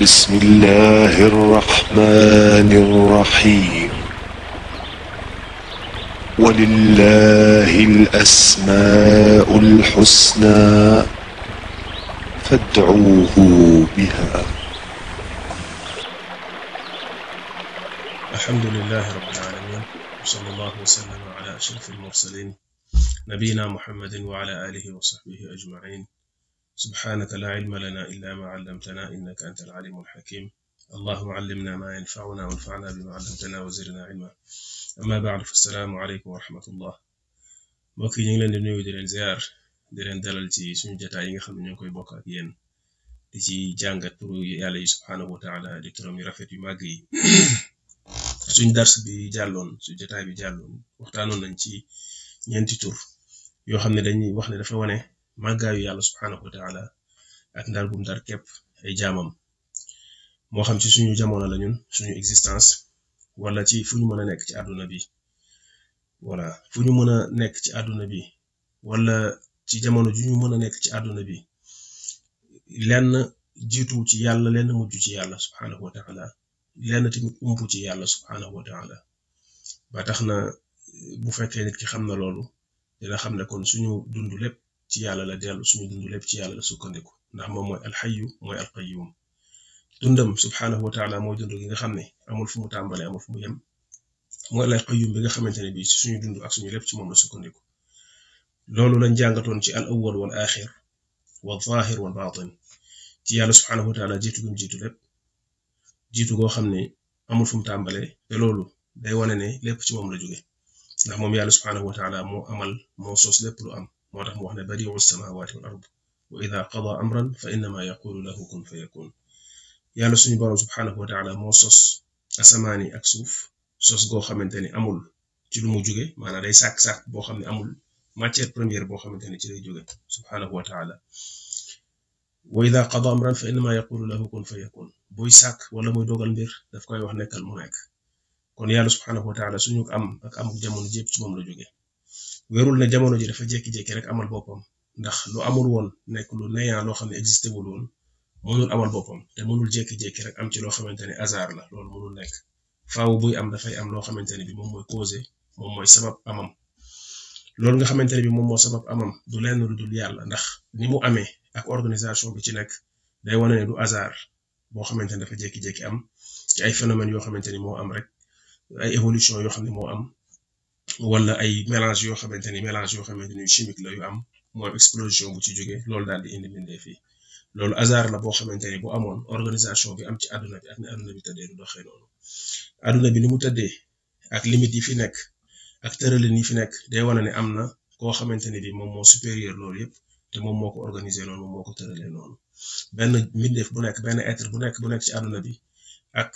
بسم الله الرحمن الرحيم ولله الأسماء الحسنى فادعوه بها الحمد لله رب العالمين وصلى الله وسلم على أشرف المرسلين نبينا محمد وعلى آله وصحبه أجمعين subhaanaka laa ilma lanaa illaa maa allamtanaa innaka anta al-aliimul hakiim allahumma allimnaa maa yanfa'unaa wanfa'naa bimaa 'allamtanaa wa zidnaa 'ilmaa ammaa ba'du fassalaamu aleykum wa rahmatullah mbokk yi ñu ngi leen di nuyu di leen ziar di leen dalal ci suñu jotaay yi nga xam ne ñoo koy bokk ak yéen di ci jàngat turu di turam yu rafet yu màgg yi suñ bi jàlloon suñ jotaay bi jàlloon waxtaanoon nañ ci ñeenti tur yoo xam ne dañuy wax ne dafa wane màggaayu yàlla subhaanahu wa taala ak ndar gum ndar képp ay jaamam moo xam ci suñu jamono lañu suñu existence wala ci fu ñu mën a nekk ci àdduna bi voilà fu ñu mën a nekk ci àdduna bi wala ci jamono ju ñu mën a nekk ci àdduna bi lenn jiitu ci yàlla lenn mujj ci yàlla subhaanahu wa lenn tamit ump ci yàlla subhaanahu wa taala ba tax na bu fekkee nit ki xam na loolu dina xam ne kon suñu dund lépp ci yàlla la dellu suñu dund lépp ci yàlla la sukkandiku ndax moom mooy alxayu mooy alqayuum dundam subhaanahu wa taala moo dund gi nga xam ne amul fu mu tàmbale amul fu mu yem bi nga xamante ne bii ci suñu suñu lépp ci moom la sukkandiku loolu lañ jàngatoon ci al awwal wal axir wal yàlla subhaanahu wa taala jiitu gum jiitu lépp xam ne amul fu mu tàmbale te loolu day wane ne lépp ci moom la jóge ndax moom yàlla subhaanahu wa taala moo amal moo sos lépp lu am moo tax mu wax ne badiu samawati wal ard wa ida qada amran fa innama yaqulu lahu kun fa yàlla suñu boroom subhaanahu moo sos asamaan yi ak suuf sos goo xamante ni amul ci lu mu jóge maanaam day sàkk-sàkk boo xam ne amul matière première boo xamante ne ci lay jóge subhaanahu wa taala wa ida qada amran fa innama yaqulu lahu kun fa yakun buy wala muy dogal mbir daf koy wax nekkal mu nekk kon yàlla subhaanahu wa taala suñu am ak amuk jamono jépp ci moom la jóge wérul ne jamono ji dafa jékki-jékki rek amal boppam ndax lu amul woon nekk lu néant loo xam ne existé wul woon mënul amal boppam te mënul jékki-jékki rek am ci loo xamante ne hasard la loolu mënul nekk faaw buy am dafay am loo xamante ne bi moom mooy causé moom mooy sabab amam loolu nga xamante ne bi moom moo sabab amam du lenn lu yàlla ndax mu amee ak organisation bi ci nekk day wane ne du boo xamante ne dafa jékki am ci ay phénomènes yoo xamante ni moo am rek ay évolution yoo xam ne moo am wala ay mélange yoo xamante ni mélange yoo xamante ni chimique la yu am mu explosion bu ci jógee loolu daal di indi mbindeef yi loolu hasard la boo xamante ni bu amoon organisation bi am ci àdduna bi ak ni àdduna bi tëddee du doxee noonu àdduna bi ni mu tëddee ak limites yi fi nekk ak tëralin yi fi nekk day wane ne am na koo xamante ni bi moom moo supérieur loolu yëpp te moom moo ko organisé noonu moom moo ko tëralee noonu benn mbindeef bu nekk benn être bu nekk bu nekk ci àdduna bi ak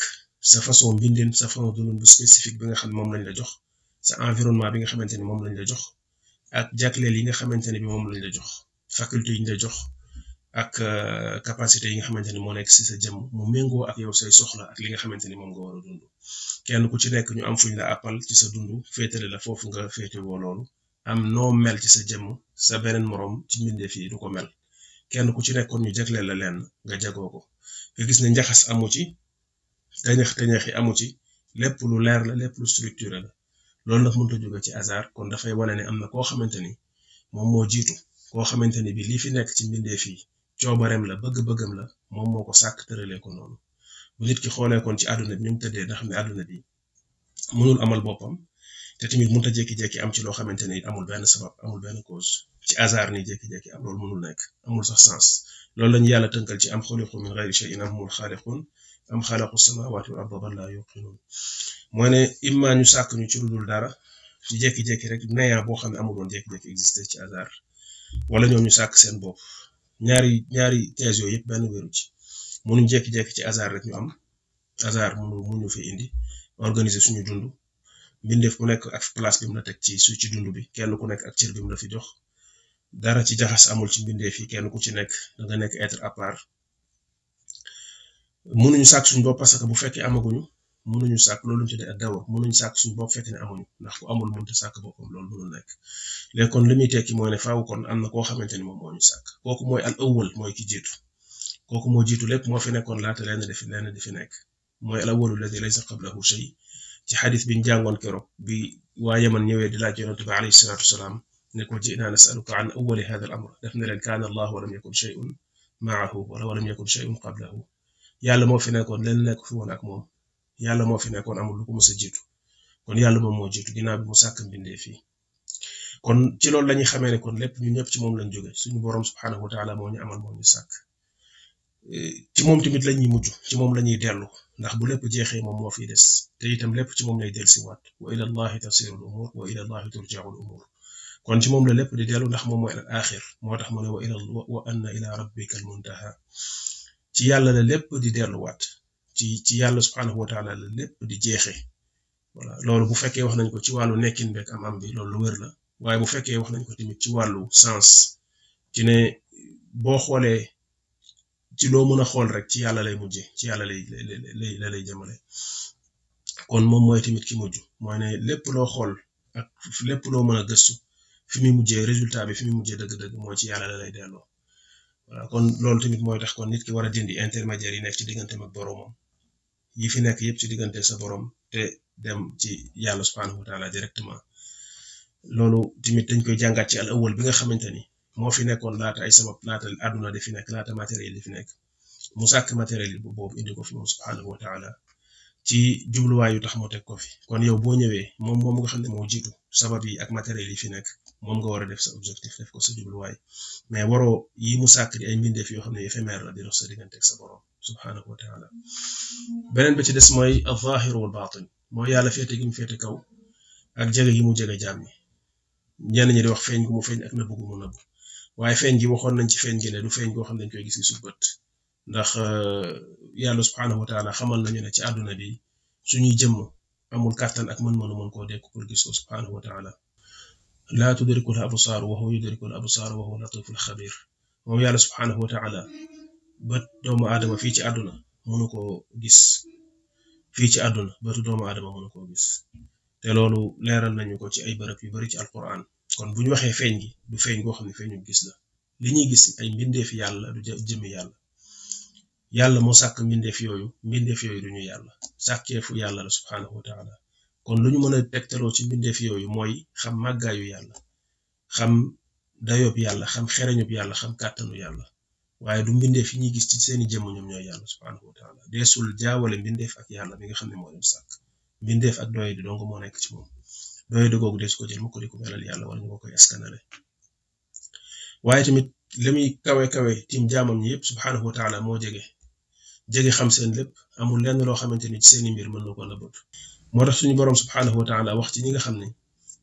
sa façon mbindin sa façon dulun bu spécifique bi nga xam moom lañ la jox sa environnement bi nga xamante ni moom lañ la jox ak jagleel yi nga xamante ne bi moom lañ la jox faculté yi ñu la jox ak euh, capacité yi nga xamante ni moo nekk si sa jëm mu méngoo ak yow say soxla ak nga xamante ni moom nga war a dund kenn ku ci nekk ñu am fuñ la appal ci sa dund féetale la foofu nga féete woo loolu am noo mel ci sa jëmm sa beneen moroom ci mbindeef yi du ko mel kenn ku ci nekkoon ñu jagleel la lenn nga jagoo ko nga gis ne njaxas amu ci dañax dañaxi amu ci lépp lu leer la lépp lu structuré loolu dafa mënut a jóge ci hasard kon dafay wane ne am na koo xamante ni moom moo jiitu koo xamante ni bi lii fi nekk ci mbindeef fii coobareem la bëgg-bëggam la moom moo ko sàkk tëralee ko noonu bu nit ki xoolee ci àdduna bi ni tëddee nga xam ne àdduna bi mënul amal boppam te tamit mënut a jékki-jékki am ci loo xamante ni amul benn sabab amul benn cause ci hasard ni jékki-jékki am loolu mënul nekk amul sax sens loolu lañu yàlla tënkal ci am xuliqu min gayri shay'in am humul am xalaqu samawati wal arda bal laa yuqinun mooy ne imma ñu sàkk ñu ci lu dul dara ci jékki-jékki rek néant boo xam ne amul woon jékki-jékki existé ci hasard wala ñoom ñu sàkk seen bopp ñaari ñaari thèse yëpp benn wéru ci mënuñ jékki-jékki ci hasard rek ñu am hasard mënu ñu fi indi organiser suñu dund mbindeef ku nekk ak place bi mu la teg ci su ci dund bi kenn ku nekk ak cër bi mu la fi jox dara ci jaxas amul ci mbindeef yi kenn ku ci nekk da nga nekk être à mënuñu sàkk suñu bopp parce que bu fekkee amaguñu mënuñu sàkk ñu tuddee ak dawa mënuñu sàkk fekkee ne amuñu ndax ku amul mënta sàkk boppam loolu mënul nekk léegi kon li muy tekki mooy ne faaw kon am na koo xamante ni moom moo ñu sàkk kooku mooy al awwal mooy ki jiitu kooku moo jiitu lépp moo fi nekkoon laata lenn def fi lenn di fi nekk mooy al awwalu alladi laysa qablahu shay ci xadis bi ñu jàngoon keroog bi waaye man ñëwee di laaj yonente bi alayhi salaatu wasalaam ne ko ji'na nasaluka an awwali hada al amr def ne leen kaana allah walam yakun shay'un maahu wala walam yakun yàlla moo fi nekkoon leen nekk fi woon ak moom yàlla moo fi nekkoon amul lu ko mës a jiitu kon yàlla moom moo jiitu ginnaaw bi mu sàkk mbindee fii kon ci loolu la xamee ne kon lépp ñun ñëpp ci moom lañ jóge suñu borom subhanahu wa taala moo ñu amal moo ñu sàkk eh, ci moom tamit la ñuy mujj moom la ñuy dellu ndax bu lépp jeexee moom moo fiy des te itam lépp ci moom lay dellusiwaat wa ila allahi tasirul umur wa ila allahi turjaul umur kon ci moom la lépp di dellu ndax moom mooy al axir moo tax mu ne wa ila ila rabbika al ci yàlla la lépp di delluwaat ci ci yàlla subhaanahu wa taala la lépp di jeexee voilà loolu bu fekkee wax nañ ko ci wàllu nekkin beeg am am bi loolu lu wér la waaye bu fekkee wax nañ ko tamit ci wàllu sens ci ne boo xoolee ci loo mën a xool rek ci yàlla lay mujje ci yàlla lay lay la lay jëmale kon moom mooy tamit ki mujj mooy ne lépp loo xool ak lépp loo mën a gëstu fi muy mujjee résultat bi fi muy mujjee dëgg-dëgg mooy ci yàlla la lay delloo voilà kon loolu tamit mooy tax kon nit ki war a dindi intermédiaire yi nekk ci digganteem ak boromam yi fi nekk yëpp ci diggante sa borom te dem ci yàlla subhanahu wa taala directement loolu tamit dañ koy jàngat ci al awal bi nga xamante ni moo fi nekkoon laata ay sabab laata àdduna di fi nekk laata matériel yi fi nekk mu sàkk matériel yi boobu indi ko fi moom subhanahu wa ci jubluwaay yu tax moo teg ko fi kon yow boo ñëwee moom moom nga xam ne moo jiitu sabab yi ak matériel yi fi nekk moom nga war a def sa objectif def ko sa jubluwaay mais waroo yi mu sàkk di ay mbindeef yoo xam ne éphémère la di dox sa diggante ak sa borom subhanahu wa beneen ba ci des mooy az-zahir wal batin mooy yàlla féete gi mu féete kaw ak jege gi mu jege jaam ñi ñenn ñi di feeñ gu mu feeñ ak nëbb gu mu nëbb waaye feeñ gi waxoon nañ ci feeñ gi ne feeñ goo xam ne dañ koy gis ci suñu bët ndax euh, yàlla subhanahu wa taala xamal nañu ne ci àdduna bi suñuy jëmm amul kàttan ak mën-mënu mën koo dekk pour gis ko subhanahu laa tudrikul absaar wa huwa yudrikul absaar wa huwa latiful xabiir moom yàlla subhaanahu wa taala bët doomu aadama fii ci àdduna mënu koo gis fii ci àdduna bëtu doomu aadama mënu koo gis te loolu leeral nañu ko ci ay bërëb yu bari ci alquran kon bu ñu waxee feeñ gi du feeñ goo xam ne feeñu gis la li ñuy gis ay mbindeef yàlla du jëmmi yàlla yàlla moo sàkk mbindeef yooyu mbindeef yooyu du ñu yàlla sàkkeefu yàlla la subhaanahu wa taala kon lu ñu mën a tegtaloo ci mbindeef yooyu mooy xam màggaayu yàlla xam dayob yàlla xam xereñub yàlla xam kàttanu yàlla waaye du mbindeef yi ñuy gis ci seeni jëmm ñoom ñooy yàlla subhaanahu wa taala deesul jaawale mbindeef ak yàlla bi nga xam ne moo leen sàkk mbindeef ak doyadi donc moo nekk ci moom doyadi googu dees ko jël mu ko di ko melal yàlla wala ñu ko koy askanale waaye tamit li muy kawe kawe tim jaamam ñi yëpp subhaanahu wa moo jege jege xam seen lépp amul lenn loo xamante ni ci seeni mbir mën na ko nëbbatu moo tax suñu borom subhaanahu wa taala wax ci ñi nga xam ne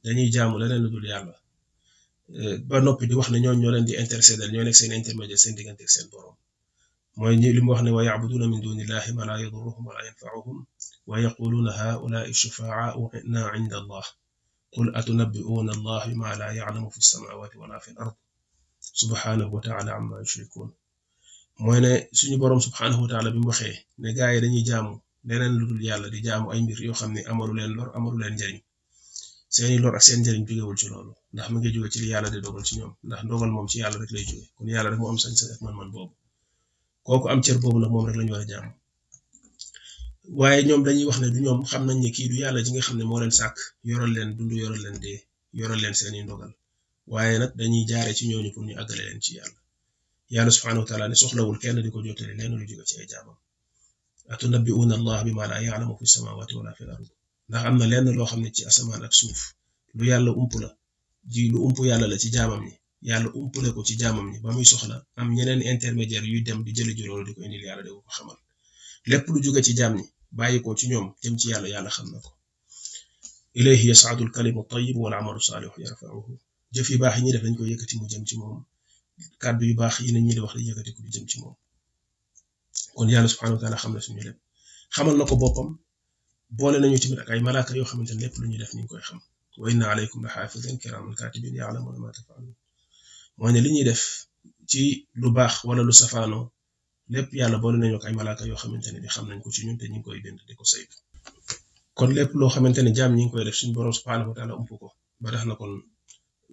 dañuy jaamu leneen lu dul yàlla eh, ba noppi di wax ne ñooñu ñoo leen di intercéder ñoo nekk seen intermédiaire seen diggante ak seen borom mooy ñi li mu wax ne wa yacbuduuna min duni illahi ma laa yaduruhum wala yanfacuhum wa yaquluuna haulaai shufacauna inda allah qul atunabbiuuna allah bima laa yaclamu fi lsamawati wala fi l ard subhaanahu wa taala amma yushrikuun ne suñu borom subhaanahu wa taala bi mu waxee yi dañuy jaamu leneen lu dul yàlla di jaamu ay mbir yoo xam ne amalu leen lor amalu leen njariñ seeni lor ak seen njariñ jógewul ci loolu ndax mu ngi jóge ci li yàlla di dogal ci ñoom ndax dogal moom ci yàlla rek lay yàlla rek moo am sañ man-man boobu kooku am cër boobu nag moom rek lañu war a jaam waaye ñoom dañuy wax ne du ñoom xam nañ ne kii du yàlla ji nga xam ne moo leen sàkk yoral leen dund yorol leen dee yoral leen seeni ndogal waaye nag dañuy jaare ci ñooñu pour ñu àggale leen ci yàlla yàlla subhanahu wa taala ne soxlawul kenn di ko jottali leen lu jóge ci ay jaamam atunabbi'uuna allah bi maa laa ya'lamu fi samaawaati wala fi l-ard ndax am na lenn loo xam ne ci asamaan ak suuf lu yàlla ump la ji lu ump yàlla la ci jaamam ni yàlla ump la ko ci jaamam ni ba muy soxla am ñeneen intermédiaire yuy dem di jëli ji di ko indil yàlla di ko xamal lépp lu jóge ci jaam ñi bàyyi ko ci ñoom jëm ci yàlla yàlla xam na ko ilayhi yas'adu al-kalimu at-tayyibu wal 'amalu saalihu yarfa'uhu jëf yi baax yi ñuy def dañ ko yëkkati mu jëm ci moom kàddu yu baax yi ne ñi di wax dañ yëkkati ko di jëm ci moom kon yàlla subhanahu wa xam na suñu lépp xamal na ko boppam boole nañu tamit ak ay malaaka yoo xamante ne lépp lu ñuy def ni ñu koy xam wa inna alaykum la xaafidan kiraaman kaatibin yaalamuuna ma tafaaluun mooy ne li ñuy def ci lu baax wala lu safaanoo lépp yàlla boole na ak ay malaaka yoo xamante ne bi xam na ko ci ñun te ñu ngi koy bind di ko saytu kon lépp loo xamante ne jaam ñi ngi koy def suñu borom subhanahu wa taala ump ko ba tax na kon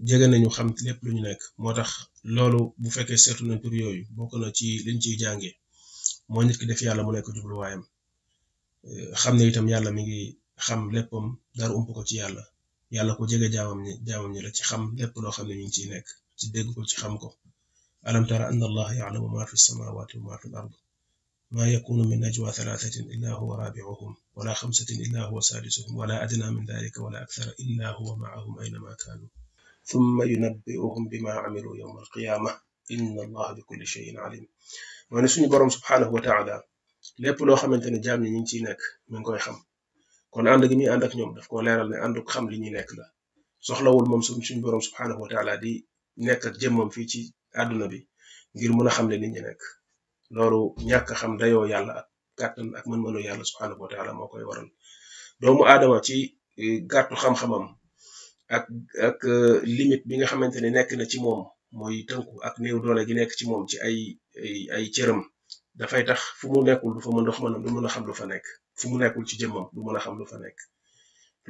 jege nañu xam lépp lu ñu nekk moo tax loolu bu fekkee seetu nañ tur yooyu bokk na ci liñ ciy jàngee mooy nit ki def yàlla mu nekk jubluwaayam eh, xam ne tam yàlla mi ngi xam léppam dara ump ko ci yàlla yàlla ko jege jaamam ñi jaamam ñi la ci xam lépp loo xam ne ñu ngi ciy nekk ci dégg ko ci xam ko alam tara anna allaha ya'lamu ma fi samawati wa ma fi al-ard ma yakunu min najwa thalathatin illa huwa rabi'uhum wala khamsatin illa huwa sadisuhum wala adna min dhalika wala akthara illa huwa ma'ahum aynama kanu thumma yunabbi'uhum bima 'amilu yawma al-qiyamah inna allaha bi kulli shay'in alim moo ne suñu boroom subhaanahu wa lépp loo xamante ne jaam ñi ñu ciy nekk mi ngi koy xam kon ànd gi muy ànd ak ñoom daf koo leeral ne ànduk xam li ñuy nekk la soxlawul moom suñ suñu boroom subhaanahu wa taala di nekk ak jëmmam fii ci àdduna bi ngir mën a xam ne li ñu nekk loolu ñàkk xam dayoo yàlla ak kàttan ak mën-mënu yàlla subhaanahu wa moo koy waral doomu aadama ci eh, gàttu xam-xamam ak ak eh, bi nga xamante ne nekk na ci moom mooy tënku ak néew doole gi nekk ci moom ci ay ay cëram dafay tax fu mu nekkul du fa mën dox mën du mën a xam lu fa nekk fu mu nekkul ci jëmmam du mën a xam lu fa nekk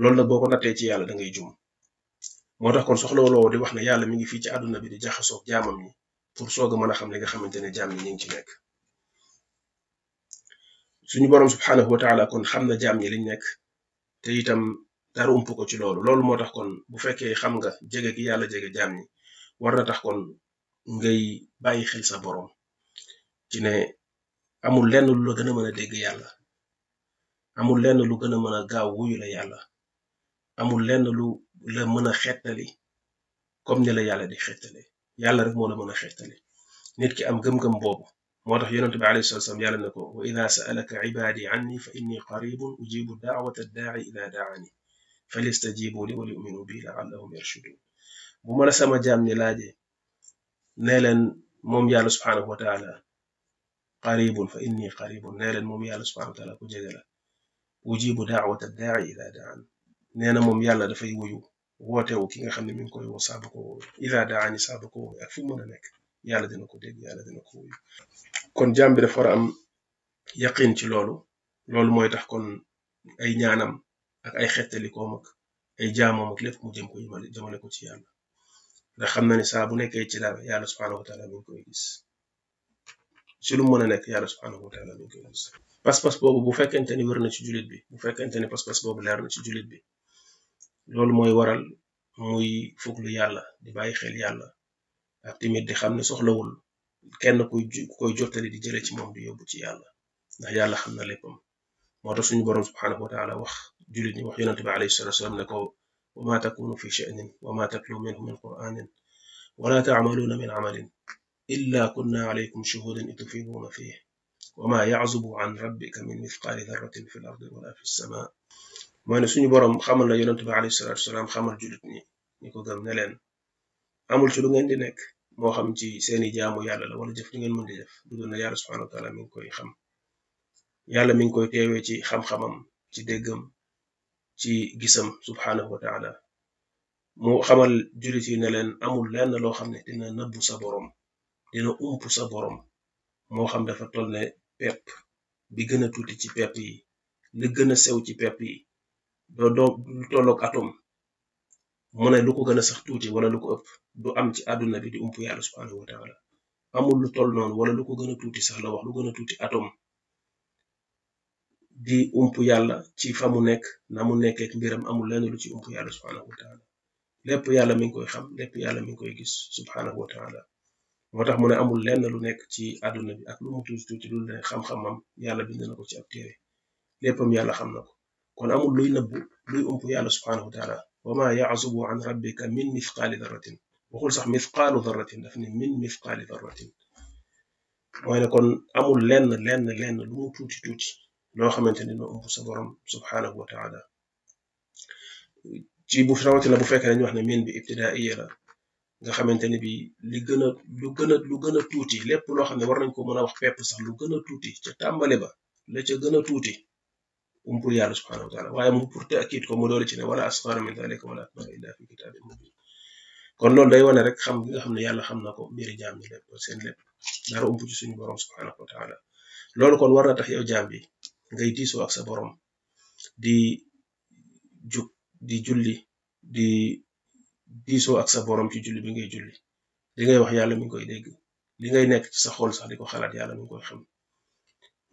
loolu nag boo ko nattee ci yàlla da ngay jum moo tax kon soxlawuloo di wax ne yàlla mi ngi fii ci àdduna bi di jaxasoo ak jaamam pour soog a a xam li nga xamante ne jaam ñi ñu ngi ci nekk suñu borom subhanahu wa taala kon xam na jaam yi liñ nekk te itam dara ump ko ci loolu loolu moo tax kon bu fekkee xam nga jege gi yàlla jege jaam ñi war na tax kon ngay bàyyi xel sa borom ci ne amul lenn lu la gën a mën a dégg yàlla amul lenn lu gën a mën a gaaw wuyu la yàlla amul lenn lu la mën a xettali comme ni la yàlla di xettali yàlla rek moo la mën a xettali nit ki am gëm-gëm boobu moo tax yonent bi alayhi salaam yàlla ne ko ida sa'alaka ibaadi anni fa inni qaribun ujibu daawata daai ida daani falyastajibu li wa liyuminu bi laallahum yarshudun bu ma la sama jaam ñi laaje nee leen moom yàlla subhanahu wa taala qaribun fa inni qaribun nee leen moom yàlla subhanahu wa taala ku jege la ujibu daawata daai ida daan nee na moom yàlla dafay wuyu wootewu ki nga xam ne mi ngi koy wo saaba ko wooyu ida daani saaba ko wooyu ak fu mën a nekk yàlla dina ko dégg yàlla dina ko wuyu kon jaam bi dafa war am yaqin ci loolu loolu mooy tax kon ay ñaanam ak ay xettalikoom ak ay jaamoom ak lépp mu jëm ko jëmale ko ci yàlla ndax xam na ne saa bu nekkee ci dara yàlla subhanahu wa taala mi ngi koy gis si lu mën a nekk yàlla subhanahu wa taala mi ngi koy gis pas-pas boobu bu fekkente ni wér na ci jullit bi bu fekkente ni pas-pas boobu leer na ci jullit bi loolu mooy waral muy fuglu yàlla di bàyyi xel yàlla ak tamit di xam ne soxlawul kenn kuy koy jottali di jëlee ci moom di yóbbu ci yàlla ndax yàlla xam na léppam moo tax suñu boroom subhanahu wa taala wax jullit ñi wax yonente bi alayhi salatu wasalam ne ko وما تكون في شأن وما تتلو منه من قرآن ولا تعملون من عمل إلا كنا عليكم شهودا إذ تفيضون فيه وما يعزب عن ربك من مثقال ذرة في الأرض ولا في السماء mooy ne suñu borom xamal la yonent bi alayhi salaatu wasalaam ñi ko gëm ne leen amul ci lu ngeen di nekk moo xam ci seeni jaamu yàlla la wala jëf li ngeen mën di def du doon na yàlla subhanahu wa taala mi ngi koy xam yàlla mi ngi koy teewee ci xam-xamam ci déggam ci gisam subhaanahu wa taala mu xamal jullit yi ne leen amul lenn loo xam ne dina nëbbu sa boroom dina ump sa boroom moo xam dafa toll ne pep bi gën a tuuti ci pepp yi li gën a sew ci pep yi doo doo lu tolloog atom mu ne lu ko gën a sax tuuti wala lu ko ëpp du am ci àdduna bi di ump yàlla subhaanahu wa taala amul lu toll noonu wala lu ko gën a tuuti sax la wax lu gën a tuuti atom di ump yàlla ci fa mu nekk na mu nekkee mbiram amul lenn lu ci ump yàlla subhaanahu wa taala lépp yàlla mi ngi koy xam lépp yàlla mi ngi koy gis subhaanahu wa taala moo tax mu ne amul lenn lu nekk ci àdduna bi ak lu mu tuuti tuuti lu ne xam-xamam yàlla bind na ko ci ab téere léppam yàlla xam na ko kon amul luy nëbbu luy ump yàlla subhaanahu wa taala wa ma ya'zubu an rabbika min mithqaali darratin waxul sax mithqaalu darratin daf ne min mithqaali ne kon amul lenn lenn lenn lu mu tuuti tuuti loo xamante ni moom sa borom subhaanahu wa taala ci bu rawatina bu fekkee dañuy wax ne min bi ibtidaaiya la nga xamante ni bi li gën a lu gën a lu gën a tuuti lépp loo xam ne war nañ ko mën a wax pepp sax lu gën a tuuti ca tàmbali ba la gën a tuuti umpul yàlla subhaanahu wa taala waaye mu pour te akit ko ci ne wala asxaara min dalika wala akbar illa fi kon loolu day wane rek xam gi xam ne yàlla xam na ko mbiri jaam ñi seen lépp dara ump ci suñu borom subhaanahu wa loolu kon war na tax yow jaam bi ngay diisoo ak sa borom di jug di julli di diisoo ak sa borom ci julli bi ngay julli li ngay wax yàlla mi ngi koy dégg li ngay nekk ci sa xool sax di ko xalaat yàlla mi ngi koy xam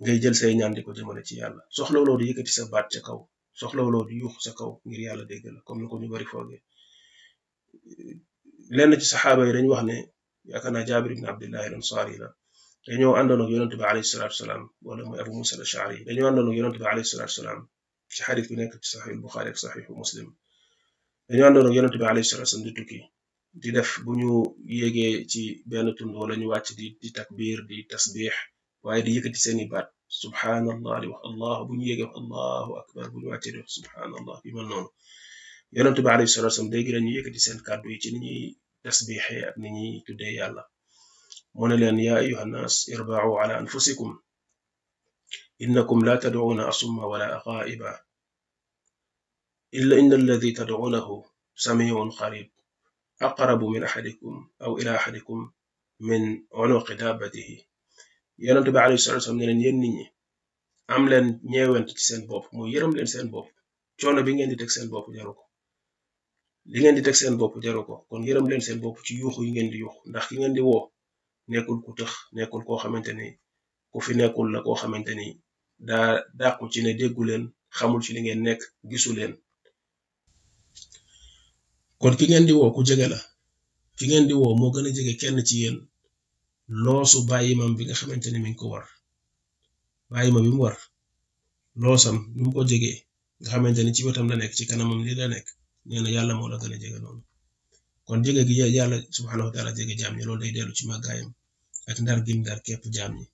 ngay jël say ñaan di ko jëmale ci yàlla soxlawloo di yëkkati sa baat ca kaw soxlawloo di yuux sa kaw ngir yàlla dégg la comme ni ko ñu bari fooge lenn ci saxaaba yi dañ wax ne yaakaar naa jaabir ibn abdillahi al ansaari la dañoo àndoon ak yonent bi alayhi salaatu salaam wala mooy abu musa al ashari dañoo àndoon ak yonent bi alayhi salaatu salaam ci xadis bi nekk ci saxiix dañoo àndoon ak yonent bi salaam di tukki di def bu ñu yégee ci benn tund wala ñu wàcc di di takbir di tasbix waaye di yëkkati seeni baat subhaanallah di wax allah bu ñu yégee wax allahu akbar bu ñu wàccee di wax subhaanallah bi mel noonu yonent bi alayhi salaam day gën a ñu yëkkati seen kàddu yi ci ni ñuy tasbixee ak ni ñuy tuddee yàlla mu ne leen yaa ayuha nnaas irbaacu ala anfusikum innakum la tadcuuna asumma wala aqaa'iba illa inna alladi tadcuunahu samiicun qariib aqrabu min axadikum aw ila axadikum min cunuqi daabatihi yonent bi alayhi salaatu salaam ne leen yéen nit am leen ñeewent ci seen bop muy yërëm leen seen bop coono bi ngeen di teg seen bopp jaru ko di teg seen bopp jaru ko kon yërëm leen seen bopp ci yuuxu yi ngeen di ndax ki ngeen di woo nekkul ku tëx nekkul koo xamante ni ku fi nekkul la koo xamante ni daa dàqu ci ne leen xamul ci li ngeen nekk gisu leen kon ki ngeen di woo ku jege la ki ngeen di woo moo gën a jege kenn ci yéen loosu bàyyi mam bi nga ni mi ngi ko war bàyyi ma bi mu war loosam ni mu ko jegee nga xamante ni ci wetam la nekk ci kanamam li la nekk nee na yàlla moo la gën a jege noonu kon jege gi yàlla subhanahu wa taala jege jaam ñi loolu day dellu ci màggaayam ak ndar gi ndar képp jaam ñi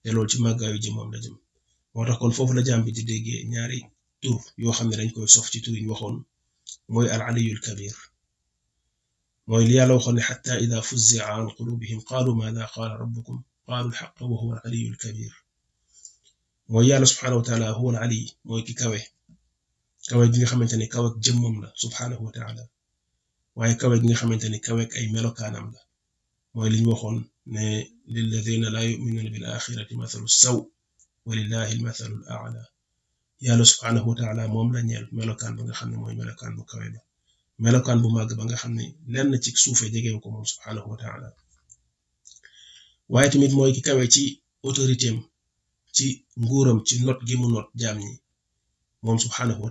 te loolu ci màggaayu ji moom la jëm moo tax foofu la jaam bi di déggee ñaari tur yoo xam ne dañ koy sof ci tur yi ñu waxoon mooy al aliyul kabir mooy li yàlla waxoon ne xata ida fuzzia an qulubihim qaalu maada qaala rabbukum qaalu alxaqa wa al aliyul kabir mooy yàlla subxanahu wa taala huwa al ali mooy ki kawe kawe gi nga xamante ne kawe ak jëmmam la subxanahu wa taala waaye kawe gi nga xamante ne kawe ak ay melokaanam la mooy li ñu ne. lilladina laa yuminuuna bil axirati mathalu saw wa mathalu al yàlla subhaanahu wa moom la ñeel melokaan ba nga xam ne mooy melokaan bu kawe ba melokaan bu màgg ba nga xam ne lenn ci suufe jegewu ko moom subhaanahu wa waaye tamit mooy ki kawe ci autorité am ci nguuram ci not gi mu not jaam ñi moom subhaanahu wa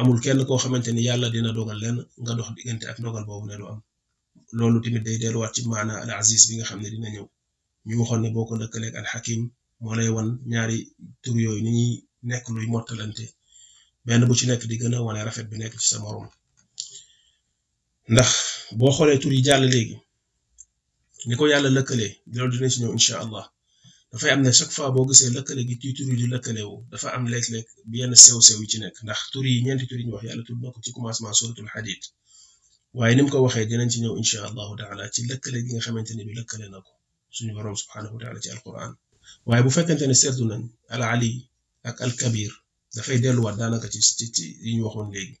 amul kenn koo xamante ni yàlla dina dogal lenn nga dox diggante ak dogal boobu ne du am loolu tamit day delluwaat ci maanaa al aziz bi nga xam ne dina ñëw ñu waxoon ne boo ko lëkkaleeg al xakim moo lay wan ñaari tur yooyu ni ñuy nekk luy mottalante benn bu ci nekk di gën a wane rafet bi nekk ci sa morom ndax boo xoolee tur yi jàll léegi ni ko yàlla lëkkalee loolu dina ci ñëw incha allah dafay am ne chaque fois boo gisee lëkkale gi di lëkkalewu dafa am léeg-léeg yenn sew-sew yi ci nekk ndax tur yi ñeenti tur ñu wax yàlla tudd na ci commencement suratul hadid waaye ni mu ko waxee dinañ ci ñëw incha allahu taala ci lëkkale gi nga xamante ne bi lëkkalee na ko suñu waroon subhanahu wa taala ci alquran waaye bu fekkente ne seetlu nañ al ak al dafay delluwaat daanaka ci ci yi ñu waxoon léegi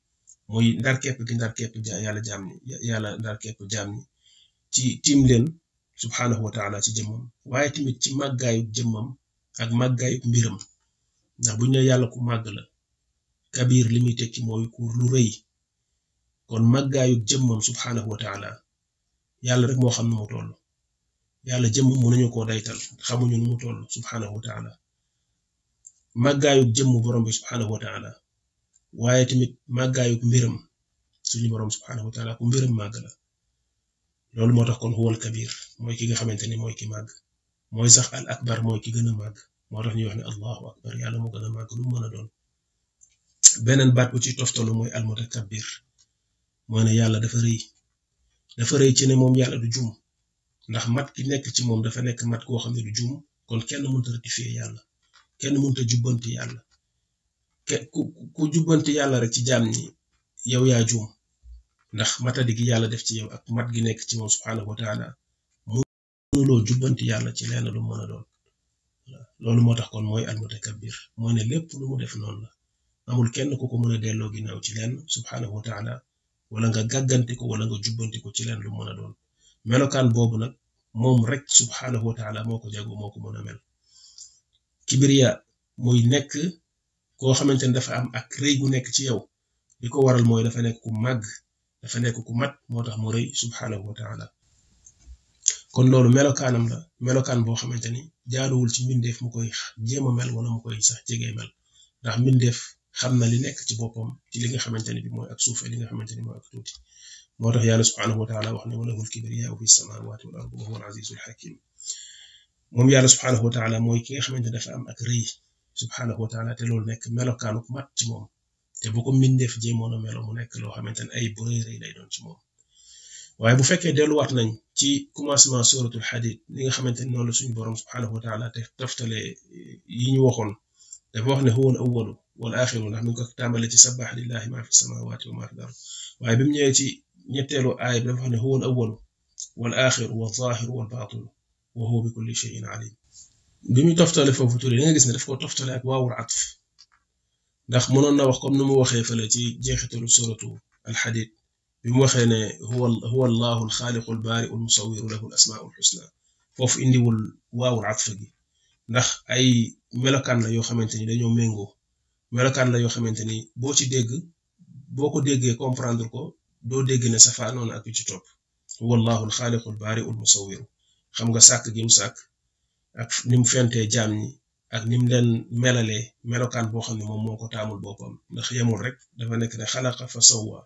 mooy ndar képp gi ndar képp jaam ni ci tiim leen subhanahu wa taala ci jëmmam waaye tamit ci màggaayu jëmmam ak màggaayu mbiram ndax bu ñu ne yàlla ku màgg la kabir li muy tekki mooy ku lu rëy kon màggaayu jëmmam subhaanahu wa yàlla rek moo xam nu mu toll yàlla jëmm mënuñu koo daytal xamuñu nu mu toll subhaanahu wa taala màggaayu jëmm borom bi subhaanahu wa waaye tamit màggaayu mbiram suñu borom subhaanahu wa taala ku mbiram màgg loolu moo tax kon huwal kabir mooy ki nga xamante ni mooy ki màgg mooy sax al akbar mooy ki gën a màgg moo tax ñuy wax ne allahu akbar yàlla mu gën a màgg lu mu mën a doon beneen baat bu ci toftalu mooy al mutakabbir mooy ne yàlla dafa rëy dafa rëy ci ne moom yàlla du jum ndax mat ki nekk ci moom dafa nekk mat koo xam ne du juum kon kenn mun rectifier yàlla kenn mun jubbanti yàlla ku ku jubbanti yàlla rek ci jaam ñi yow yaa juum ndax matadi gi yàlla def ci yow ak mat gi nekk ci moom subhaanahu wa taala mënuloo jubbanti yàlla ci lenn lu mën a doon loolu moo tax kon mooy almutakabbir mooy ne lépp lu mu def noonu la amul kenn ku ko mun a delloo ginnaaw ci lenn subhaanahu wa wala nga gàggante ko wala nga jubbanti ko ci leen lu mën a doon melokaan boobu nag moom rek subhaanahu wa moo ko jago moo ko mën a mel kibriya muy nekk koo xamante ne dafa am ak rëy gu nekk ci yow li ko waral mooy dafa nekk ku màgg dafa nekk ku mat moo tax mu rëy subhaanahu wa kon loolu melokaanam la melokaan boo xamante ni jaaduwul ci mbindeef mu koy jéem a mel wala mu koy sax jege mel ndax mbindeef xam na li nekk ci boppam ci li nga xamante ne bi mooy ak suuf li nga xamante ne mooy ak tuuti moo tax yàlla subhanahu wa taala wax ne wa lahul kibriyaau fi samaawaati wal ard wa huwa al azizul moom yàlla subhanahu wa taala mooy ki nga xamante ne dafa am ak rëy subhanahu wa taala te loolu nekk melokaanu mat ci moom te bu ko def jéemoon a melo mu nekk loo xamante ne ay bu rëy rëy lay doon ci moom waaye bu fekkee delluwaat nañ ci commencement suratul xadid li nga xamante ne noonu la suñu borom subhanahu wa te taftalee yi ñu waxoon dafa wax ne huwa al awwalu wal axiru ndax mi ngi ko tàmbale ci sabax lillahi maa fi samawaati wa maa fi ard waaye bi mu ñëwee ci ñetteelu aaya bi dafa xam ne huwa al awalu wal axiru wal zaahiru wal baatinu wa huwa bi kulli cheyin alim bi muy toftale foofu tur yi nga gis ne daf ko toftale ak waawul atf ndax mënoon na wax comme ni mu waxee fële ci jeexitalu suratu alxadid bi mu waxee ne huwa huwa allahu alxaaliqu albaariu almusawiru lahu alasmaau alxusna foofu indiwul waawul atf gi ndax ay melokaan la yoo xamante ni dañoo méngoo melokaan la yoo xamante ni boo ci dégg boo ko déggee comprendre ko doo dégg ne safaanoon noonu ak yu ci topp wallahu alxaaliqu albaari ul musawiru xam nga sàkk gi mu sàkk ak ni mu fentee jaam ñi ak ni mu leen melalee melokaan boo xam ne moom moo ko taamul boppam ndax yemul rek dafa nekk ne xalaqa fa sawwa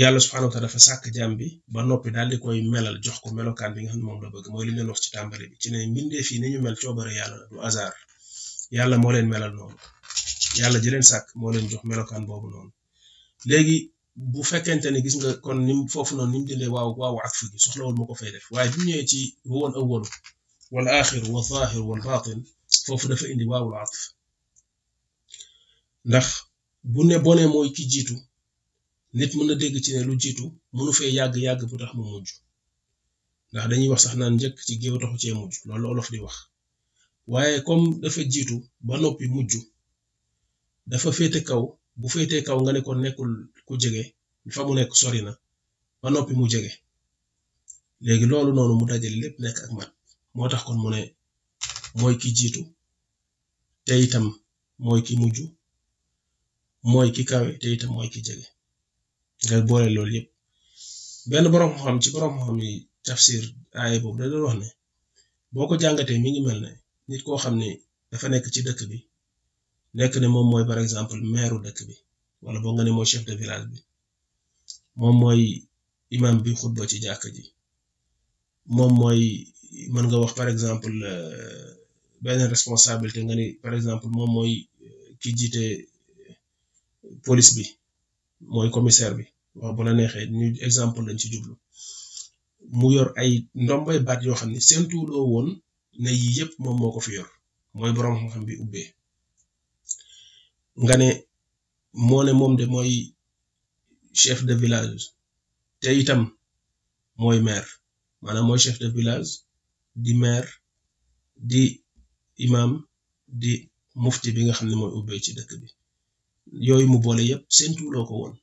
yàlla subhanahu wa taala sàkk jaam bi ba noppi daal di koy melal jox ko melokaan bi nga xam ne moom la bëgg mooy li leen wax ci tàmbali bi ci ne mbindee fii ni ñu mel coobare yàlla la du hasard yàlla moo leen melal noonu yàlla jëleen sàkk moo leen jox melokaan boobu noonu léegi bu fekkente ne gis nga kon ni mu foofu noonu ni jëlee waaw waaw ak fi soxlawul ma ko fee def waaye bi mu ñëwee ci woon awalu wal axiru wal zaahiru wal baatin foofu dafa indi waawul atf ndax bu ne bone mooy ki jiitu nit mën na dégg ci ne lu jiitu mënu fee yàgg-yàgg bu tax mu mujj ndax dañuy wax sax naan njëkk ci géew taxu cee mujj loolu olof di wax waaye comme dafa jiitu ba noppi mujj dafa féete kaw bu féetee kaw nga ne ko nekkul ku jege fa mu nekk sori na ba noppi mu jege léegi loolu noonu mu dajale lépp nekk ak mat moo tax kon mu ne mooy ki jiitu te itam mooy ki mujj mooy ki kawe te itam mooy ki jege nga boole loolu yëpp benn borom xam ci borom xam yi tafsir aaye boobu da doon wax ne boo ko jàngatee mi ngi mel ne nit koo xam ne dafa nekk ci dëkk bi. nekk ne moom mooy par exemple maire dëkk bi wala boo nga ne mooy chef de village bi moom mooy imam bi xutba ci jàkk ji moom mooy mën nga wax par exemple euh, benn responsabilité nga ni par exemple moom mooy euh, ki jiite euh, police bi mooy commissaire bi wax bu la neexee ñu exemple lañ ci jublu mu yor ay ndombay baat yoo xam ne seentuuloo woon ne yii yëpp moom moo ko fi yor mooy boroom xam-xam bi ubbee nga ne moo ne moom de mooy chef de village te itam mooy maire maanaam mooy chef de village di maire di imam di mufti bi nga xam ne mooy ubbee ci dëkk bi yooyu mu boole yëpp seen tuuloo ko woon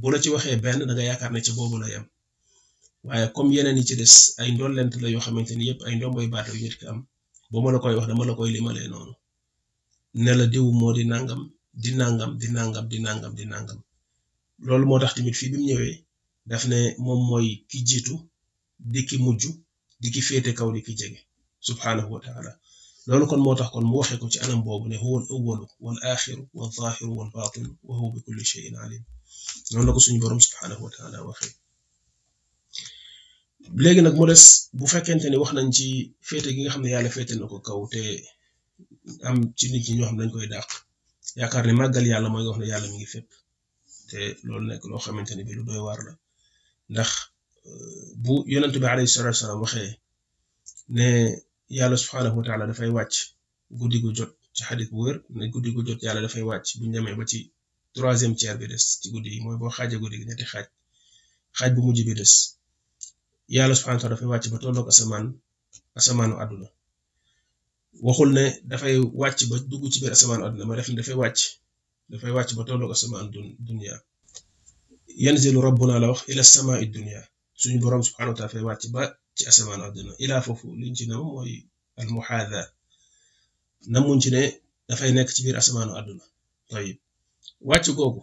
boo la ci waxee benn da nga yaakaar ne ci boobu la am waaye comme yeneen yi ci des ay ndollent la yoo xamante ni yëpp ay ndomboy baat yu nit ki am boo ma la koy wax dama la koy limalee noonu ne la diw moo di nangam di nangam di nangam di nangam di nangam loolu moo tax tamit fii bi mu ñëwee daf ne moom mooy ki jiitu di ki mujj di ki féete kaw di ki jege subhanahu wa taala loolu kon moo tax kon mu waxee ko ci anam boobu ne huwa al awalu wal axiru wal zahiru wal batinu wa suñu borom subhanahu wa taala léegi nag mu des bu fekkente ni wax nañ ci féete gi nga xam ne yàlla féete na ko kaw te am ci nit ñi ñoo xam ne dañ koy dàq yaakaar ne màggal yàlla mooy wax ne yàlla mu ngi fépp te loolu nekk loo xamante ne bi lu doy waar la ndax euh, bu yonent bi alayhi salatu waxee ne yàlla subhaanahu wa taala dafay wàcc guddi gu jot ci xadis bu wér ne guddi gu jot yàlla dafay wàcc bu ñu demee ba ci troisième tiers bi des ci guddi yi mooy boo xaajee guddi gi ñetti xaaj xaaj bu mujj bi des yàlla subhaanahu wa dafay wàcc ba tolloog asamaan asamaanu àdduna waxul ne dafay wàcc ba dugg ci biir asamaan àdduna ma def ne dafay wàcc dafay wàcc ba tolloog asamaan dunia yanzilu rabbuna la wax ila sama dunia suñu borom subhanahu wa taala fay wàcc ba ci asamaan àdduna ila foofu liñ ci nam mooy al namuñ ci ne dafay nekk ci biir asamaanu àdduna tayib wàcc googu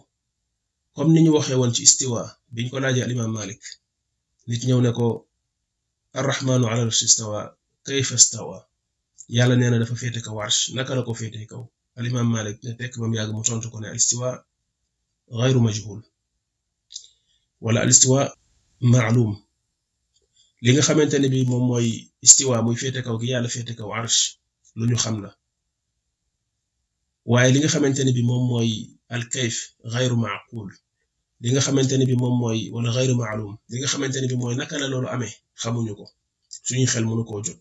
comme ni ñu waxee woon ci istiwa biñ ko laajee al malik nit ñëw ne ko arrahmanu ala al istawa kayfa yàlla nee na dafa féete kaw arsh naka la ko féetee kaw alimaam Malik ne tekk ba mu yàgg mu tontu ko ne alistiwa gayru majhul wala alistiwa maalum li nga xamante ne bi moom mooy istiwa muy féete kaw yàlla féete kaw arsh lu ñu xam la waaye li nga xamante ne bi moom mooy alkayf gayru maaqul li nga xamante ne bi moom mooy wala gayru maalum li nga xamante ne bi mooy naka la loolu amee xamuñu ko suñu xel mënu koo jot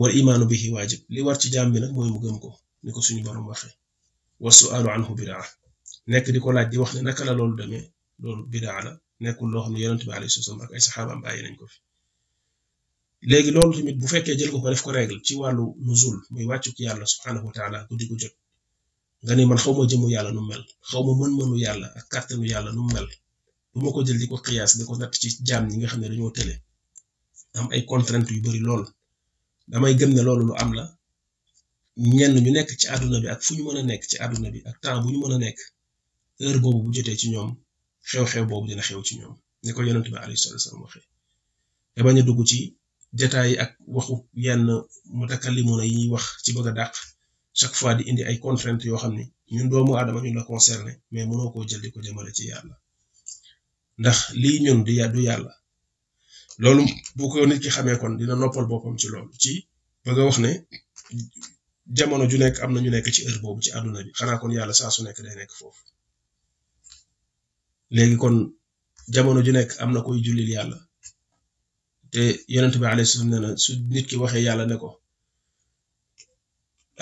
wal imaanu bihi waajib li war ci jaam bi nag mooy mu gëm ko ni ko suñu borom waxee wa sualu anhu biraa nekk di ko laaj di wax ne naka la loolu demee loolu bidaa la nekkul loo xam ne yonent bi alayhi salaam ak ay saxaabaam nañ ko fi léegi loolu tamit bu fekkee jël ko ko def ko règle ci wàllu mu nuzul muy wàccuk yàlla subhaanahu wa taala guddi gu jot nga ne man xaw ma jëmu yàlla nu mel xaw ma mën-mënu yàlla ak kàttanu yàlla nu mel bu ma ko jël di ko xiyaas di ko natt ci jaam ñi nga xam ne dañoo tële am ay contrainte yu bari lool damay gën ne loolu lu am la ñenn ñu nekk ci àdduna bi ak fu ñu mën a nekk ci àdduna bi ak bu ñu mën a nekk heure boobu bu jotee ci ñoom xew-xew boobu dina xew ci ñoom ni ko yonent ma alayhi salaatu salaam waxee te bañ a dugg ci détails ak waxu yenn mutakallimuna yi wax ci bëgg a dàq chaque fois di indi ay contraintes yoo xam ni ñun doomu aadama ñu la concerné mais mënoo koo jël di ko jëmale ci yàlla ndax lii ñun du du yàlla loolu bu ko nit ki xamee kon dina noppal boppam ci loolu ci bëgg a wax ne jamono ju nekk am na ñu nekk ci heure boobu ci àdduna bi xanaa kon yàlla saa su nekk day nekk foofu léegi kon jamono ju nekk am na koy jullil yàlla te yonent bi alayhi salaam nee su nit ki waxee yàlla ne ko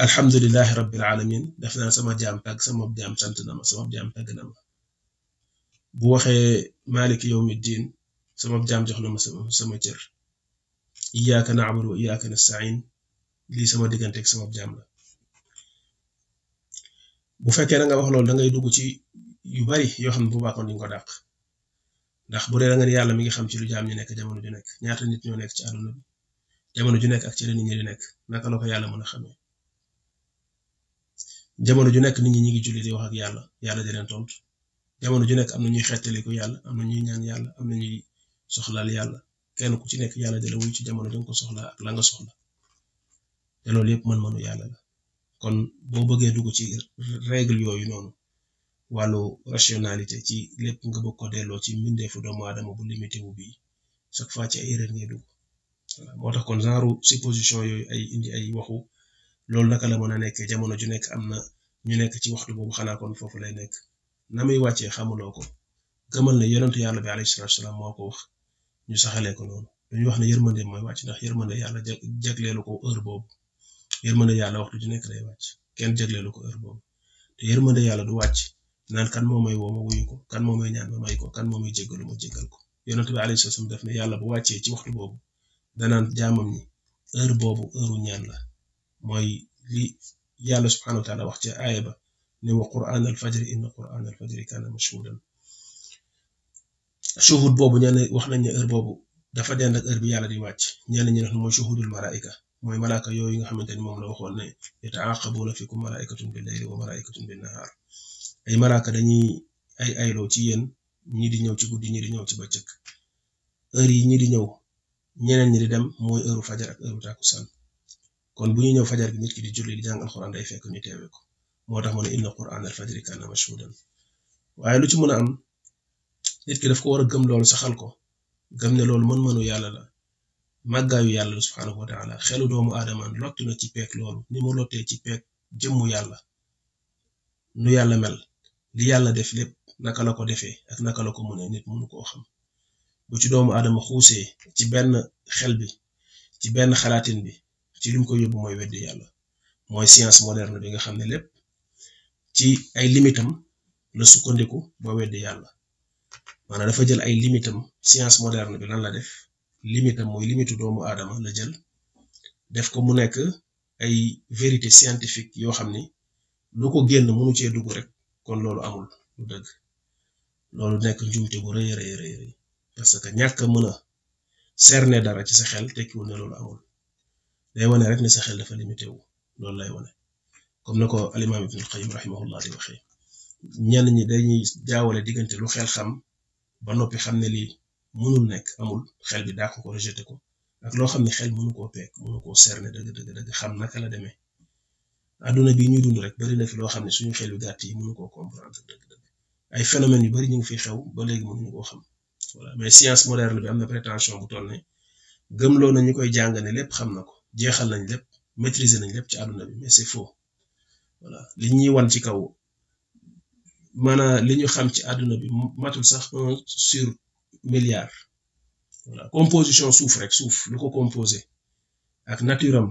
alhamdulilahi rabbil alamin def naa sama jaam tàgg sama jaam sant na ma sama jaam tàgg na ma bu waxee maaliki yawmi diin sama jaam jox na ma sama sama cër iyaaka na'budu wa iyaaka nasta'in lii sama digganteeg sama jaam la bu fekkee da nga wax loolu dangay ngay dugg ci yu bari yoo xam ne bu baaxoon dañ ko dàq ndax bu dee da yàlla mi ngi xam ci lu jaam ñu nekk jamono ju nekk ñaata nit ñoo nekk ci àdduna bi jamono ju nekk ak ci la nit ñi di nekk naka la ko yàlla mën a xamee jamono ju nekk nit ñi ñu ngi julli di wax ak yàlla yàlla di leen tontu jamono ju nekk am na ñuy xettaliku yàlla am na ñuy ñaan yàlla am na ñuy soxlaal yàlla kenn ku ci nekk yàlla dina wuy ci jamono danga ko soxla la nga soxla loolu yëpp mën-mënu yàlla kon boo bëggee dugg ci règle yooyu noonu wàllu rationalité ci lépp nga bëgg ko delloo ci doomu aadama bu limité bii chaque fois ci ay erreur ngay dugg voilà moo tax kon genre yooyu ay ay waxu loolu naka la mën a nekkee jamono ju nekk am na ñu nekk ci waxtu boobu xanaa foofu lay nekk na muy wàccee xamuloo ko gëmal ne yonentu yàlla bi alayhi salaam moo ko wax ñu saxalee ko noonu dañuy wax ne yërmande mooy wàcc ndax yërmande yàlla jagleelu ko heure boobu yërmande yàlla waxtu ju nekk wàcc kenn jagleelu ko heure boobu te yërmande yàlla du wàcc naan kan moo may woo ma wuyu ko kan moom may ñaan ma may ko kan moom may jéggalu ma jéggal ko yonent bi alayhi salaam def ne yàlla bu wàccee ci waxtu boobu danaan jaamam ñi heure boobu heure ñaan la mooy li yàlla subhanahu wa taala wax ci aaya ba ne wa quraan al fajri inna quraan al fajri kaana suhud boobu ñenn wax nañ ne heure boobu dafa dend ak heure bi yàlla di wàcc ñenn ñi ne mooy suhudul malaika mooy malaaka yooyu nga xamante ni moom la waxoon ne yataaqabuuna fikum malaaikatun bil layli wa malaaikatun bin nahaar ay malaaka dañuy ay ayloo ci yéen ñii di ñëw ci guddi ñii di ñëw ci bëccëg heure yi ñii di ñëw ñeneen ñi di dem mooy heure fajar ak kon bu ñu ñëw fajar gi nit ki di julli di jàng alxuraan day fekk ñu teewee ko moo tax mu ne inna quraan al fajri kaana mashhuudan waaye lu ci mën a am nit ki daf ko war a gëm loolu saxal ko gëm ne loolu mën-mënu yàlla la màggaayu yàlla lu subhaanahu wa xelu doomu aadama lottu na ci peeg loolu ni mu lottee ci peeg jëmmu yàlla lu yàlla mel li yàlla def lépp naka la ko defee ak naka la ko mënee nit mënu koo xam bu ci doomu aadama xuusee ci benn xel bi ci benn xalaatin bi ci lim ko yóbbu mooy weddi yàlla mooy science moderne bi nga xam ne lépp ci ay limitam la sukkandiku ba weddi yàlla maanaam dafa jël ay limitam science moderne bi lan la def limitam mooy limitu doomu aadama la jël def ko mu nekk ay vérité scientifique yoo xam ni lu ko génn mënu cee dugg rek kon loolu amul lu dëgg loolu nekk njuumte bu rëy rëy rëy rëy parce que ñàkk a mën a cerner dara ci sa xel tekkiwul ne loolu amul day wane rek ne sa xel dafa limité loolu lay wane comme na ko alimaam ibnul Qayyim rahimahullah di waxee ñenn ñi dañuy jaawale diggante lu xel ba noppi xam ne lii mënul nekk amul xel bi dàq ko ko rejeté ko ak loo xam ne xel mënu koo peek mënu koo cerné dëgg dëgg xam naka la demee àdduna bi ñuy dund rek bari na fi loo xam ne suñu xel yu gàtt yi mënu koo comprendre dëgg dëgg ay phénomènes yu bari ñu ngi fiy xew ba léegi mënuñu koo xam voilà mais science moderne bi am na prétention bu toll ne gëmloo na ñu koy jàng ne lépp xam na ko jeexal nañ lépp maîtriser nañ lépp ci àdduna bi mais c'est faux voilà li ñuy wan ci kaw maanaam li ñu xam ci àdduna bi matul sax un sur milliard voilà composition suuf rek suuf lu ko composé ak nature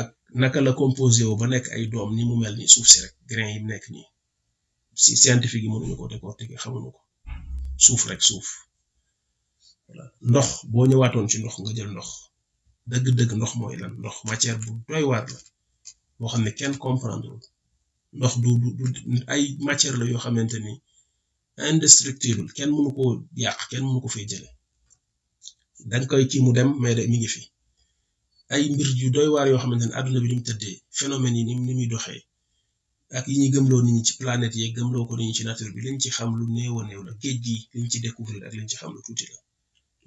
ak naka la composé woo ba nekk ay doom ni mu mel ni suuf si rek grain yi nekk nii si scientifique yi mënuñu ko décortiquer xamuñu ko suuf rek suuf ndox boo ñëwaatoon ci ndox nga jël ndox dëgg-dëgg ndox mooy lan ndox matière bu doy waat la boo xam ne kenn comprendre ndox du ay matière la yoo xamante ni indestructible kenn mënu ko yàq kenn mënu ko fay jële danga koy kii mu dem mais de mi ngi fi ay mbir yu doy waar yoo xamante ne àdduna bi ni mu tëddee phénomènes yi ni ni muy doxee ak yi ñu gëmloo nit ñi ci planète yeeg gëmloo ko nit ñi ci nature bi liñ ci xam lu néew a néew la géej gi liñ ci découvrir ak liñ ci xam lu tuuti la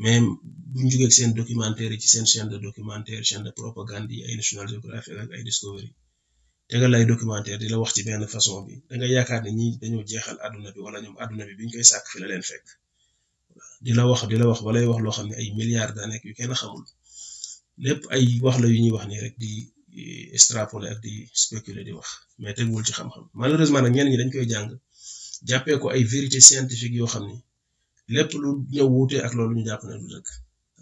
même buñ jógee seen documentaire yi ci seen chaîne de documentaire chaîne de propagande yi ay National Geographic ak tegal lay documentaire di la wax ci benn façon bi da yaakaar ne ñi dañoo jeexal àdduna bi wala ñoom àdduna bi biñ koy sàkk fi la leen fekk di la wax di la wax ba wax loo xam ne ay milliards daa yu kenn xamul lépp ay wax yu ñuy wax nii rek di extrapoler ak di spéculer di wax mais teguwul ci xam-xam malheureusement nag ñenn ñi dañ koy jàng jàppee ko ay vérité scientifique yoo xam ni lépp lu ñëw wuutee ak loolu ñu jàpp ne du dëgg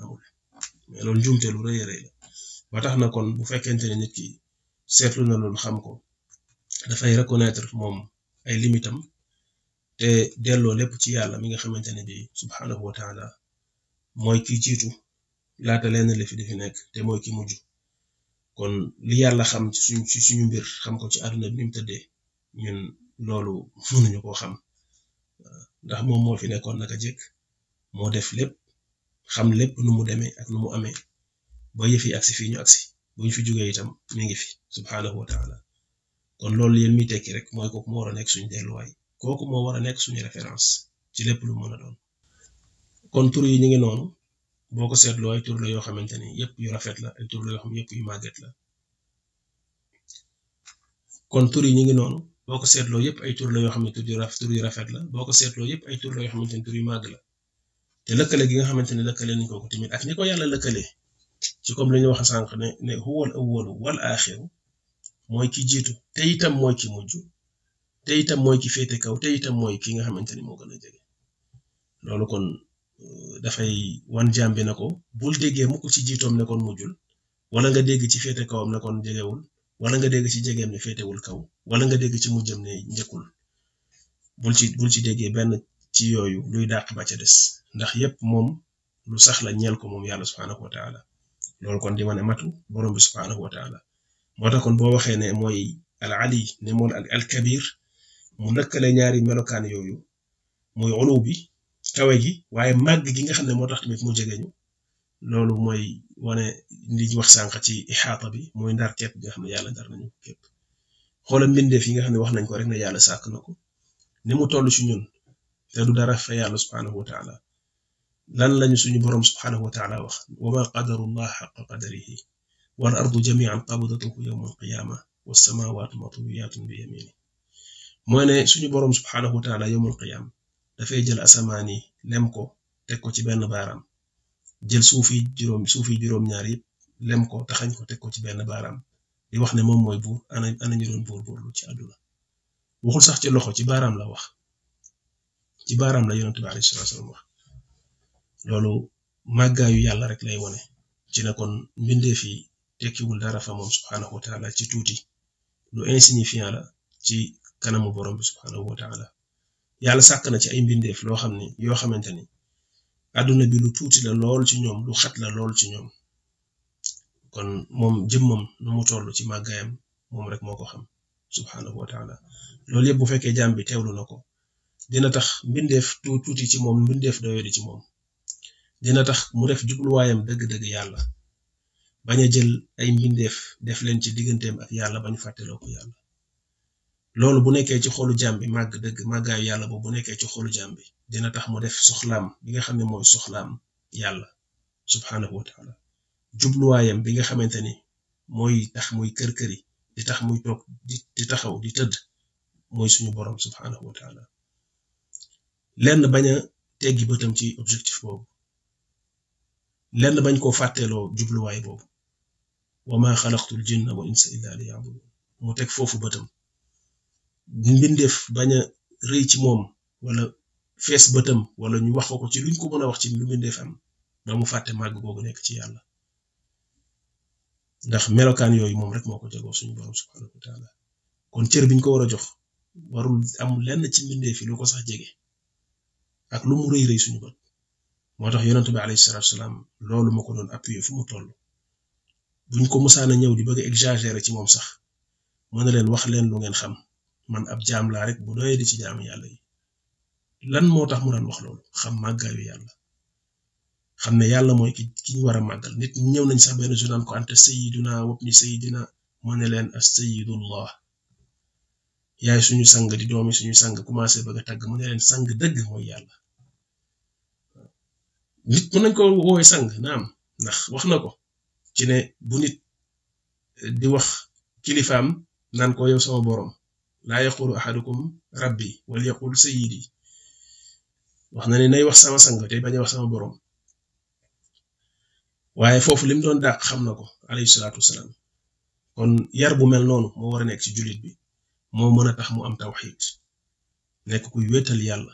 amul mais loolu njuumte lu rëy a rëy ba tax na kon bu fekkente ne nit ki seetlu na loolu xam ko dafay reconnaître moom ay limitam te delloo lépp ci yàlla mi nga xamante ne bi subhaanahu wa taala mooy ki jiitu laata leen la fi di fi nekk te mooy kii mujj kon li yàlla xam ci suñ ci suñu mbir xam ko ci àdduna bi ni mu tëddee ñun loolu mënuñu koo xam ndax moom moo fi nekkoon naka jekk moo def lépp xam lépp nu mu demee ak nu mu amee ba yëf yi agsi fii ñu agsi buñ fi jógee itam mi ngi fi subhaanahu wa taala kon loolu yéen mi tekki rek mooy kooku moo war a nekk suñu delluwaay kooku moo war a nekk suñu référence ci lépp lu mën a doon kon tur yi ñu ngi noonu boo ko seetloo ay tur yoo xamante ni yëpp yu rafet la ay tur la yoo xam yu màgget la kon tur yi ñu ngi noonu boo ko seetloo yëpp ay tur la yoo xam ne tur yu yu rafet la boo ko seetloo yëpp ay tur la yoo xamante ni tur yu màgg la te lëkkale gi nga xamante ne lëkkale nañ kooku tamit ak ni ko yàlla lëkkale ci comme li ñu wax sànq ne ne huwal awwalu wal aaxiru mooy ki jiitu te itam mooy ki mujj te itam mooy ki féete kaw te itam mooy ki nga xamante ni moo gën a jege loolu kon euh, dafay wan jàmbi bi na ko bul déggee mukk ci jiitoom ne kon mujjul wala nga dégg ci féete kawam ne kon jegewul wala nga dégg ci jegeem ne féetewul kaw wala nga dégg ci mujjam ne njëkkul bul ci bul ci déggee benn ci yooyu luy dàq ba ca des ndax yépp moom lu sax la ñeel ko moom yàlla subhaanahu wa loolu kon di wane matu borom bi subhaanahu wa taala moo tax kon boo waxee ne mooy al ali ne moom ak al kabir mu lëkkale ñaari melokaan yooyu mooy olu bi tawe gi waaye màgg gi nga xam ne moo tax tamit mu jege loolu mooy wane li ñu wax sànq ci ixaata bi mooy ndar képp bi nga xam ne yàlla ndar nañu képp xoolal mbindeef yi nga xam ne wax nañ ko rek ne yàlla sàkk na ko ni mu toll ci ñun te du dara fa yàlla subhaanahu wa taala lan lañu suñu boroom subxaanahu wax taala wax wama qadarullah xaqa qadarihi wal ardu jamian qabdatuhu yowma alqiyaama wassamaawaatu matwiyaatun bi yamini mooy ne suñu boroom subxaanahu wa taala yowma alqiyaama dafay jël asamaan yi lem ko teg ko ci benn baaraam jël suuf juróom suuf yi lem ko taxañ ko teg ko ci benn baaraam di wax ne moom mooy buur ana ñu doon buur buur lu ci àdduna waxul sax ci loxo ci baaraam la wax ci baaraam la yonent bi alayhi salaatu salaam wax loolu màggaayu yàlla rek lay wane ci na kon mbindeef yi tekkiwul dara fa moom subhaanahu wa ci tuuti lu insignifiant la ci kanamu borom bi subhaanahu wa yàlla sàkk na ci ay mbindeef loo xam ne yoo xamante ni àdduna bi lu tuuti la lool ci ñoom lu xat la loolu ci ñoom kon moom jëmmam nu mu toll ci màggaayam moom rek moo ko xam subhaanahu wa taala loolu yëpp bu fekkee jaam bi teewlu na ko dina tax mbindeef tu tuuti ci moom mbindeef doyodi ci moom dina tax mu def jubluwaayam dëgg-dëgg yàlla bañ a jël ay mbindeef def leen ci digganteem ak yàlla ba ñu fàtteloo ko yàlla loolu bu nekkee ci xoolu jàmm bi màgg dëgg màggaayu yàlla boobu bu nekkee ci xolu jàmm bi dina tax mu def soxlaam bi nga xam ne mooy soxlaam yàlla subhaanahu wa jubluwaayam bi nga xamante ni mooy tax muy kër-këri di tax muy toog di taxaw di tëdd mooy suñu borom subhaanahu wa lenn bañ a teggi bëtam ci objectif boobu lenn bañ koo fàtteeloo jubluwaay boobu woo ma xalaqtul jinna wal insa illa liya'budun mu teg foofu bëtam mbindeef bañ a rëy ci moom wala fees bëtam wala ñu wax ko ci luñ ko mën a wax ci lu mbindeef am ba mu fàtte màgg googu nekk ci yàlla ndax melokaan yooyu moom rek moo ko jagoo suñu borom subhanahu wa kon cër biñ ko war a jox warul am lenn ci mbindeef yi lu ko sax jege ak lu mu rëy rëy suñu bët moo tax yonent bi alayhi salaam loolu ma ko doon appuyer fu mu toll buñ ko musaana ñëw di bëgg a exagérer ci moom sax mën na leen wax leen lu ngeen xam man ab jaam laa rek bu doyee di ci jaamu yàlla yi lan moo tax mu daan wax loolu xam màggaayu yàlla xam ne yàlla mooy ki ki ñu war a màggal nit ñëw nañ sax benn jour naan ko anta sayiduna wabni sayidina moo ne leen as sayidullah yaay suñu sang di doomi suñu sang commencé bëgg a tàgg mu ne leen sang dëgg mooy yàlla nit mën nañ ko woowee sang naam ndax wax na ko ci ne bu nit eh, di wax kilifaam naan ko yow sama borom laa yaqulu ahadukum rabbi wala yaqul sayyidi wax na ne nay wax sama sang te bañ wax sama borom waaye foofu li doon dàq xam na ko alayhi salaatu wasalaam kon yar bu mel noonu moo war a nekk ci jullit bi moo mën a tax mu am tawxiid nekk kuy wéetal yàlla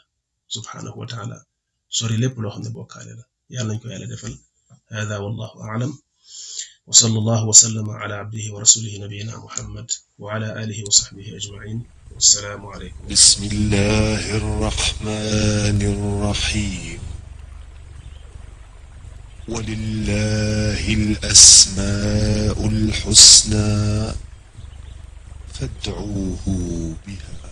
subhaanahu wa taala sori lépp loo xam ne bokkaale la yàlla nañ ko yàlla defal hada wallahu a'lam wa sallallahu wa sallama ala abdihi wa rasulihi nabiyina muhammad wa ala alihi wa sahbihi ajma'in wassalaamu alaykum bismillahi rrahmani rrahim ولله الأسماء الحسنى فادعوه بها